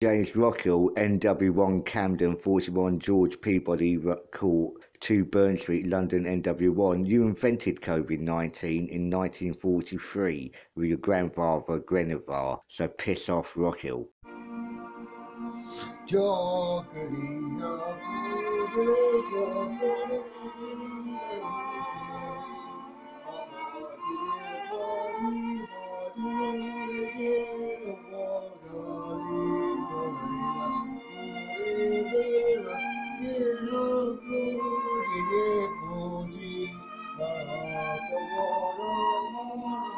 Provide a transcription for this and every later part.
James Rockhill, NW-one Camden, forty-one George Peabody Court, two Burn Street, London, NW-one. You invented COVID-19 in 1943 with your grandfather Guinevere, so piss off, Rockhill. Reposi, Mahapavara,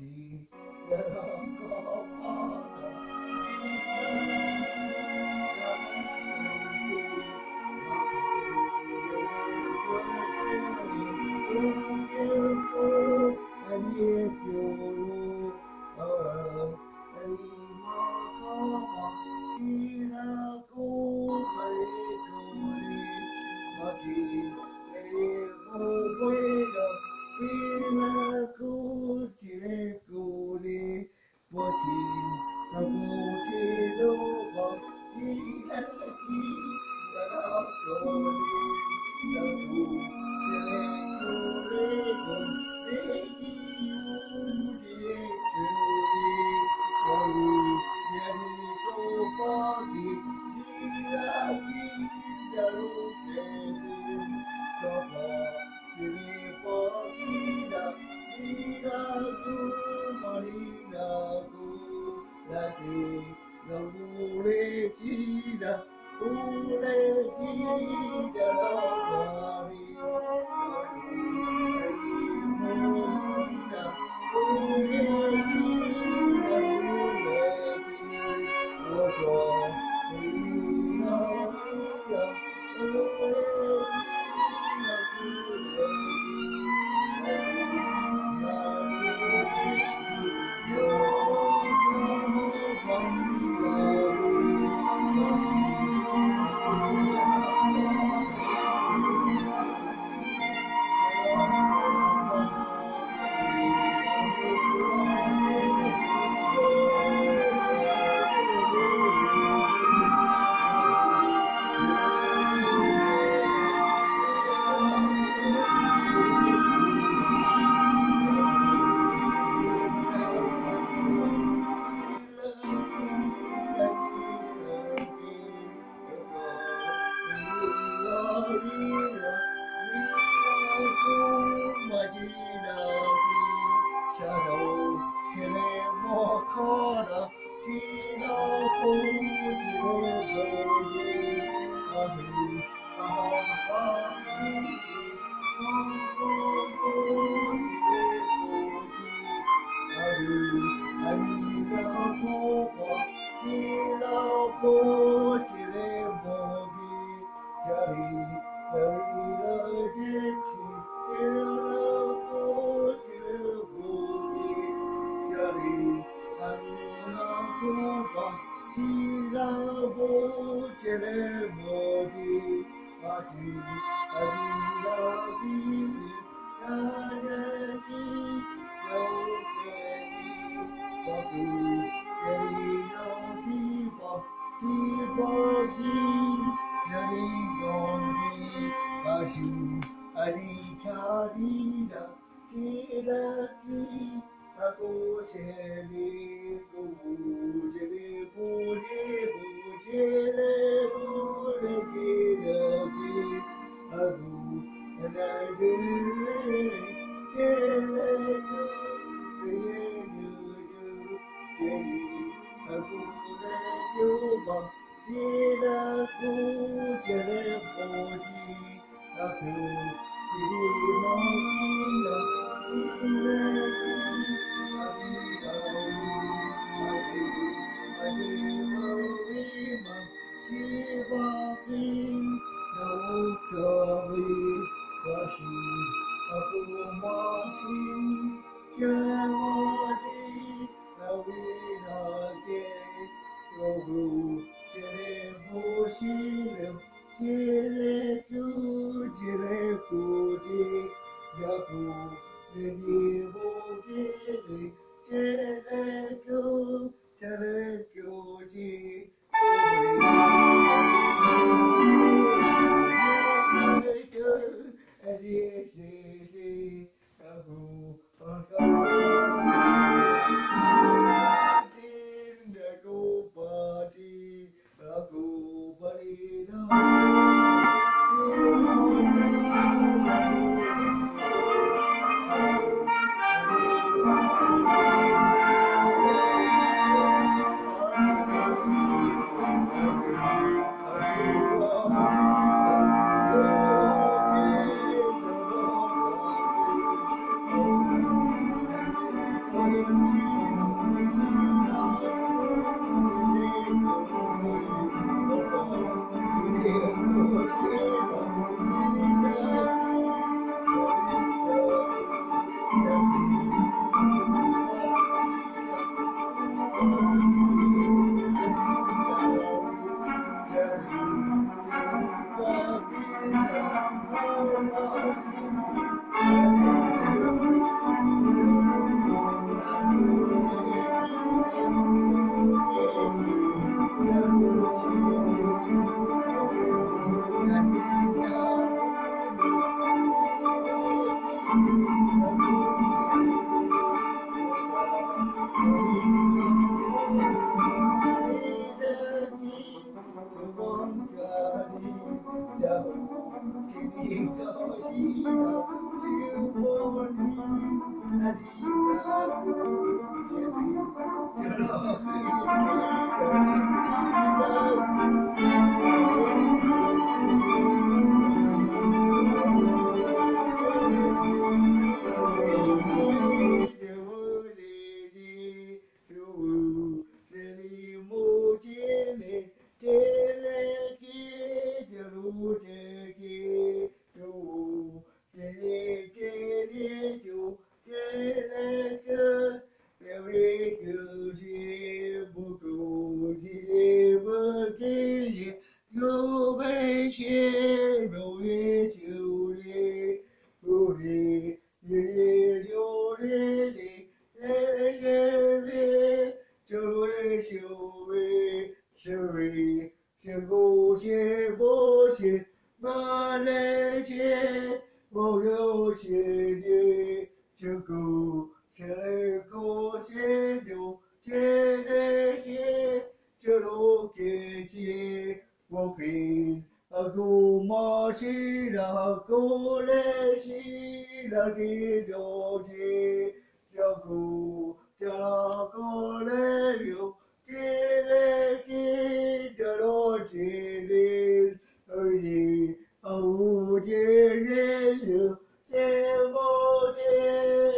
G. 祈祷，不知何地，哪里，哪里的天晴。祈祷，不知何地，哪里，哪里的天晴。 어제 어디까지 아리라니 하나님 영원히 거기 내리 여기와 기복이 여린 건기 다시 아리카리나 지라기 바고 제리 고무제리 보리고 杰莱乌勒吉达吉阿古奈吉勒，杰莱乌勒吉达吉阿古奈吉乌巴杰拉乌杰莱波吉阿古吉乌纳吉纳吉勒。Hare Rama, Rama, Shiva. Thank you. Get up. 这个星球，天在变，地在变，我变。啊，多么奇妙，多么奇妙的天地！这个，这个，多么奇妙，天在变，地在变，我变。啊，无尽的天，无尽。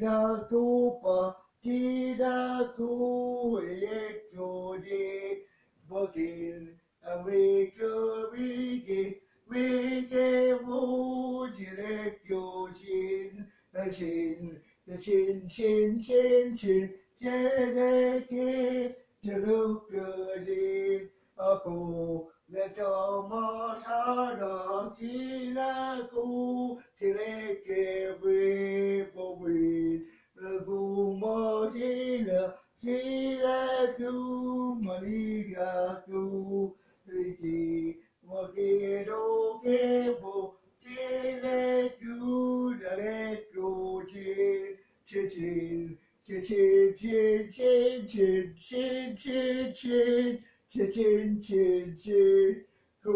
那土巴，那土也叫的，我跟阿妹就比肩，比肩舞起来叫亲，亲亲亲亲亲，姐姐的走路脚印阿哥。Vetomo sano chila ku chile kevi bobin. Lagumo chila chila ku maniga ku riki. Mokido kevo chile ku dare ku chil chil chil chil chil chil chil Chin chin chin. Go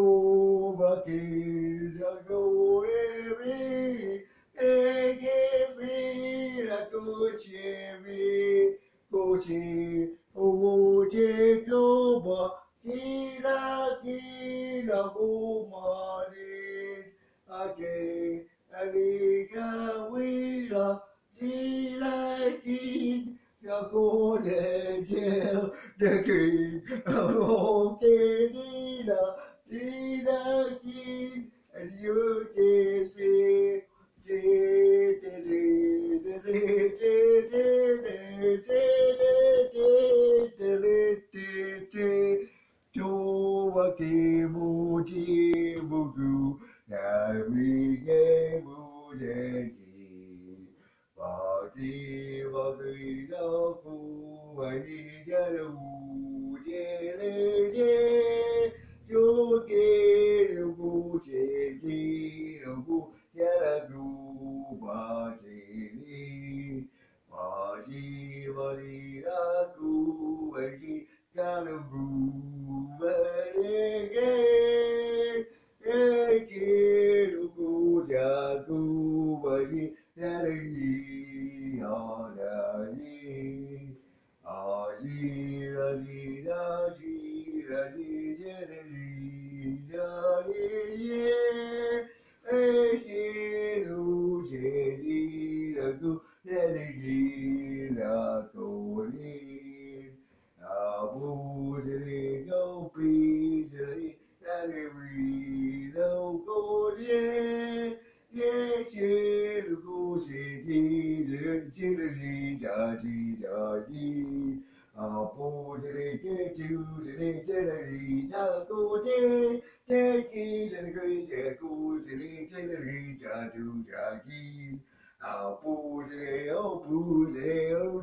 back in, go away. Take it free, like go cherry. Go cherry, oh, take over. Kira kira go Delighted the golden child, the king of all Canada, the king, and you can see. To a 世界的理想。day, oh oh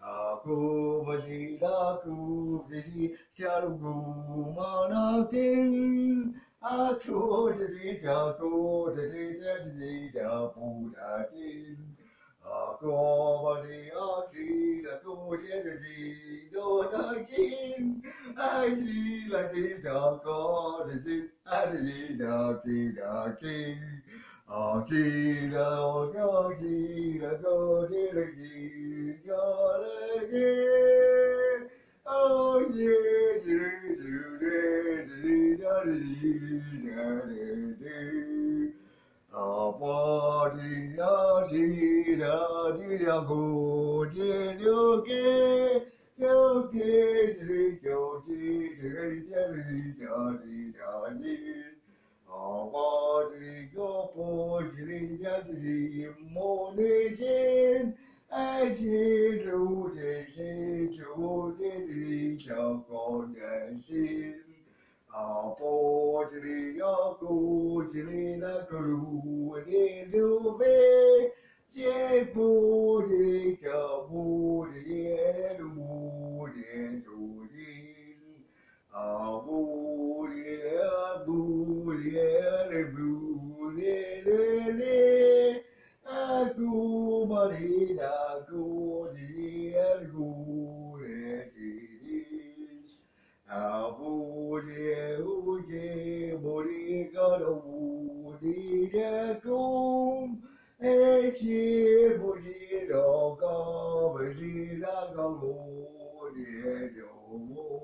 Aku basi aku basi jalugu manakin aku jadi jago jadi jadi jabu datin aku basi aki aku jadi dodakin aji lagi jago jadi jadi daki dakin 啊，记得我叫记得，记得你叫的你，啊，你就是最最叫的你，叫的你。啊，把你要记得记得苦的留给留给最叫的最叫的叫的叫的。啊，我这里波保持人家的母的心，爱亲如亲亲，亲亲的交个联系。啊，保持你要保持那个如的滋味，波不亲，交不亲，A mulher, a mulher, a mulher, a mulher, a mulher, mulher diz. A mulher, o que mulher, a mulher, com esse mulher, a mulher, a mulher, a mulher,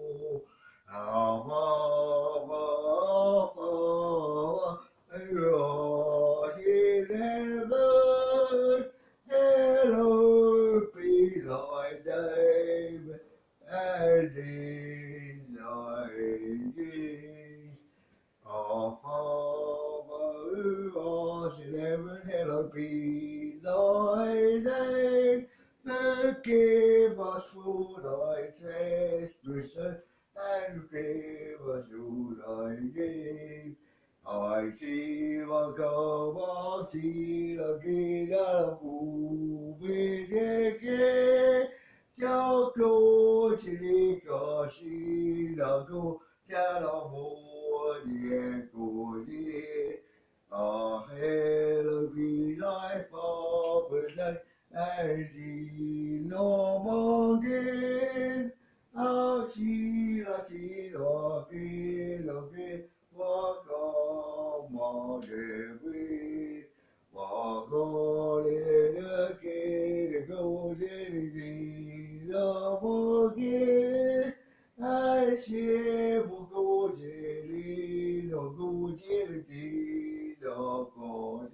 希望高高，祈祷给了无边的天，叫哭泣的心能够找到无边的土地。啊，为了未来不怕累，爱是那么近，高高祈祷，祈祷，祈祷。我哥没吃亏，我哥脸上的苦尽给了母亲，爱情不够甜，你让苦尽的甜不够。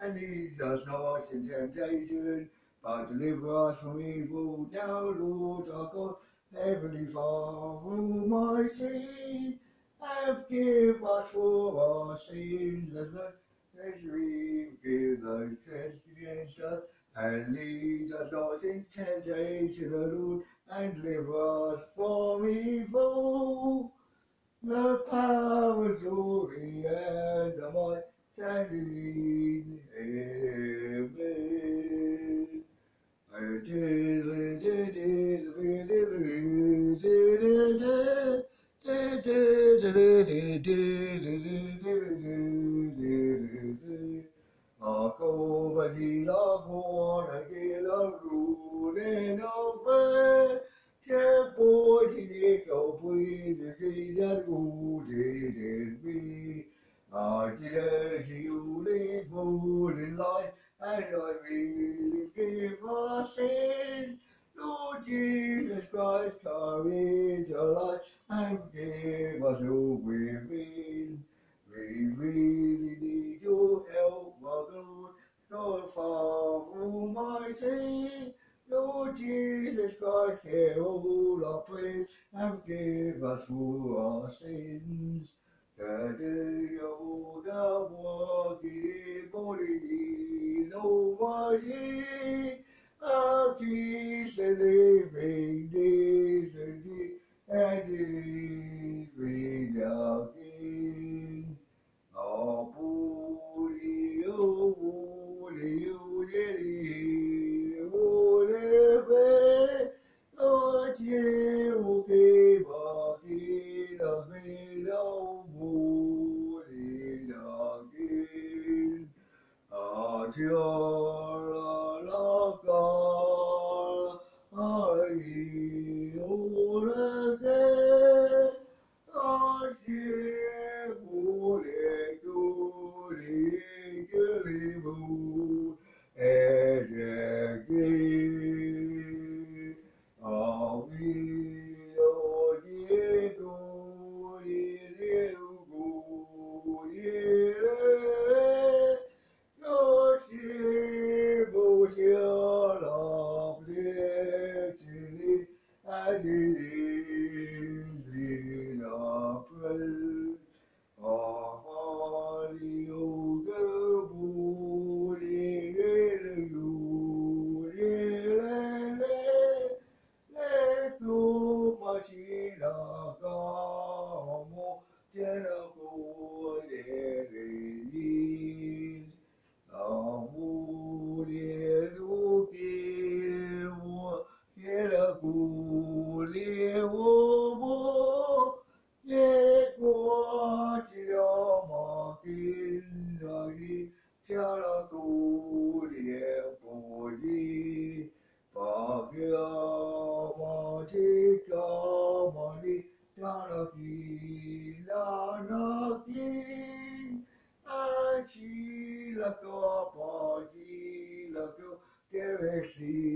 and lead us not in temptation, but deliver us from evil. Now, Lord our God, Heavenly Father, Almighty, give us for our sins as a as we give those trespass against us. And lead us not in temptation, O Lord, and deliver us from evil. The power, glory, and the might 在绿叶边，哎，嘟嘟嘟嘟嘟嘟嘟嘟嘟嘟嘟嘟嘟嘟嘟嘟，啊，苦怕心老苦，累累老苦，累老苦，借苦心借苦，苦借苦，借苦借苦。I declare to you live more than life, and I will give our sins. Lord Jesus Christ, carry to life and give us all we need. We really need your help, my God, God Father Almighty. Lord Jesus Christ, hear all our prayers and give us for our sins. 나를 여호와 길버리니 노마시 아티세네 베이데세니 애들이 베이다기 나부리요 우리유리리 오레베 어제오게 la tua poi la tua che resti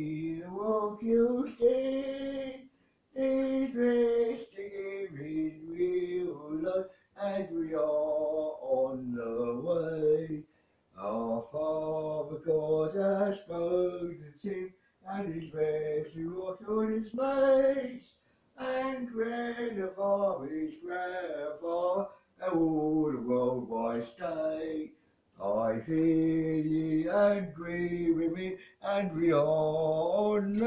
Here will you stay? Is resting in real love, and we are on the way. Our Father God has spoken to him, and his ways to walk on his face, And grandfather is grandfather, and all the world wide stay. I hear ye angry with me, and we on the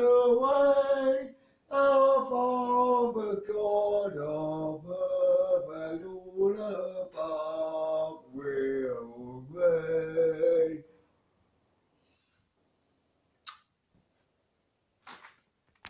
way. Our Father God above, and all above, will obey.